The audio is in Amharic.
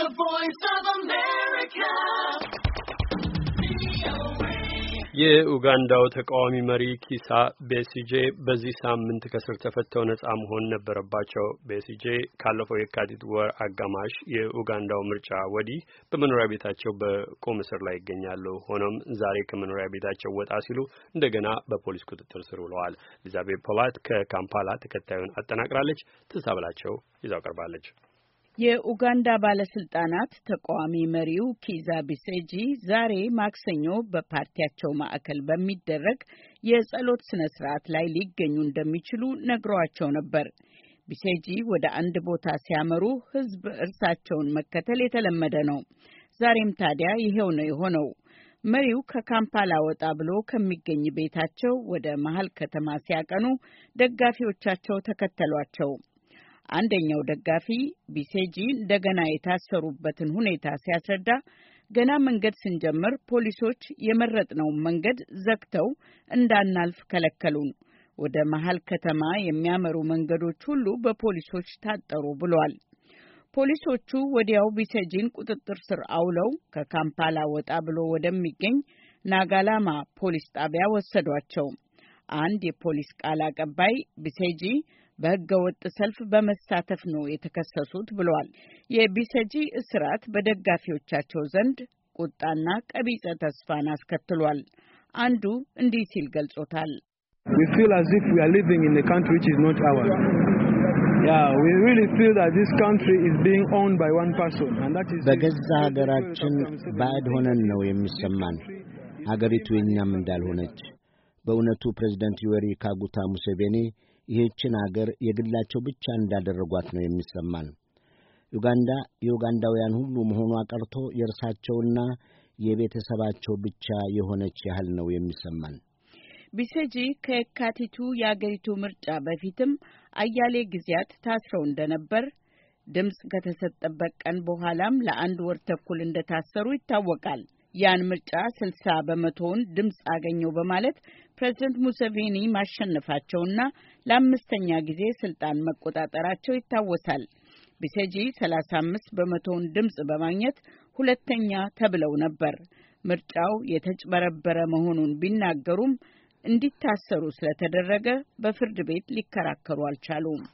The Voice of America. የኡጋንዳው ተቃዋሚ መሪ ኪሳ ቤሲጄ በዚህ ሳምንት ከስር ተፈተው ነጻ መሆን ነበረባቸው። ቤሲጄ ካለፈው የካቲት ወር አጋማሽ የኡጋንዳው ምርጫ ወዲህ በመኖሪያ ቤታቸው በቁም እስር ላይ ይገኛሉ። ሆኖም ዛሬ ከመኖሪያ ቤታቸው ወጣ ሲሉ እንደገና በፖሊስ ቁጥጥር ስር ውለዋል። ኤሊዛቤት ፖላት ከካምፓላ ተከታዩን አጠናቅራለች። ትንሳብላቸው ይዛው ቀርባለች። የኡጋንዳ ባለስልጣናት ተቃዋሚ መሪው ኪዛ ቢሴጂ ዛሬ ማክሰኞ በፓርቲያቸው ማዕከል በሚደረግ የጸሎት ስነ ስርዓት ላይ ሊገኙ እንደሚችሉ ነግሯቸው ነበር። ቢሴጂ ወደ አንድ ቦታ ሲያመሩ ህዝብ እርሳቸውን መከተል የተለመደ ነው። ዛሬም ታዲያ ይሄው ነው የሆነው። መሪው ከካምፓላ ወጣ ብሎ ከሚገኝ ቤታቸው ወደ መሀል ከተማ ሲያቀኑ ደጋፊዎቻቸው ተከተሏቸው። አንደኛው ደጋፊ ቢሴጂ እንደገና የታሰሩበትን ሁኔታ ሲያስረዳ ገና መንገድ ስንጀምር ፖሊሶች የመረጥነውን መንገድ ዘግተው እንዳናልፍ ከለከሉን። ወደ መሀል ከተማ የሚያመሩ መንገዶች ሁሉ በፖሊሶች ታጠሩ ብሏል። ፖሊሶቹ ወዲያው ቢሴጂን ቁጥጥር ስር አውለው ከካምፓላ ወጣ ብሎ ወደሚገኝ ናጋላማ ፖሊስ ጣቢያ ወሰዷቸው። አንድ የፖሊስ ቃል አቀባይ ቢሴጂ በህገ ወጥ ሰልፍ በመሳተፍ ነው የተከሰሱት ብሏል። የቢሴጂ እስራት በደጋፊዎቻቸው ዘንድ ቁጣና ቀቢጸ ተስፋን አስከትሏል። አንዱ እንዲህ ሲል ገልጾታል። በገዛ ሀገራችን ባዕድ ሆነን ነው የሚሰማን። ሀገሪቱ የእኛም እንዳልሆነች በእውነቱ ፕሬዚደንት ዩዌሪ ካጉታ ሙሴቬኒ ይህችን አገር የግላቸው ብቻ እንዳደረጓት ነው የሚሰማን። ዩጋንዳ የዩጋንዳውያን ሁሉ መሆኗ ቀርቶ የእርሳቸውና የቤተሰባቸው ብቻ የሆነች ያህል ነው የሚሰማን። ቢሴጂ ከየካቲቱ የአገሪቱ ምርጫ በፊትም አያሌ ጊዜያት ታስረው እንደነበር ድምፅ ከተሰጠበት ቀን በኋላም ለአንድ ወር ተኩል እንደታሰሩ ይታወቃል። ያን ምርጫ ስልሳ በመቶውን ድምፅ አገኘው በማለት ፕሬዝደንት ሙሴቬኒ ማሸነፋቸውና ለአምስተኛ ጊዜ ስልጣን መቆጣጠራቸው ይታወሳል። ቢሴጂ 35 በመቶውን ድምፅ በማግኘት ሁለተኛ ተብለው ነበር። ምርጫው የተጭበረበረ መሆኑን ቢናገሩም እንዲታሰሩ ስለተደረገ በፍርድ ቤት ሊከራከሩ አልቻሉም።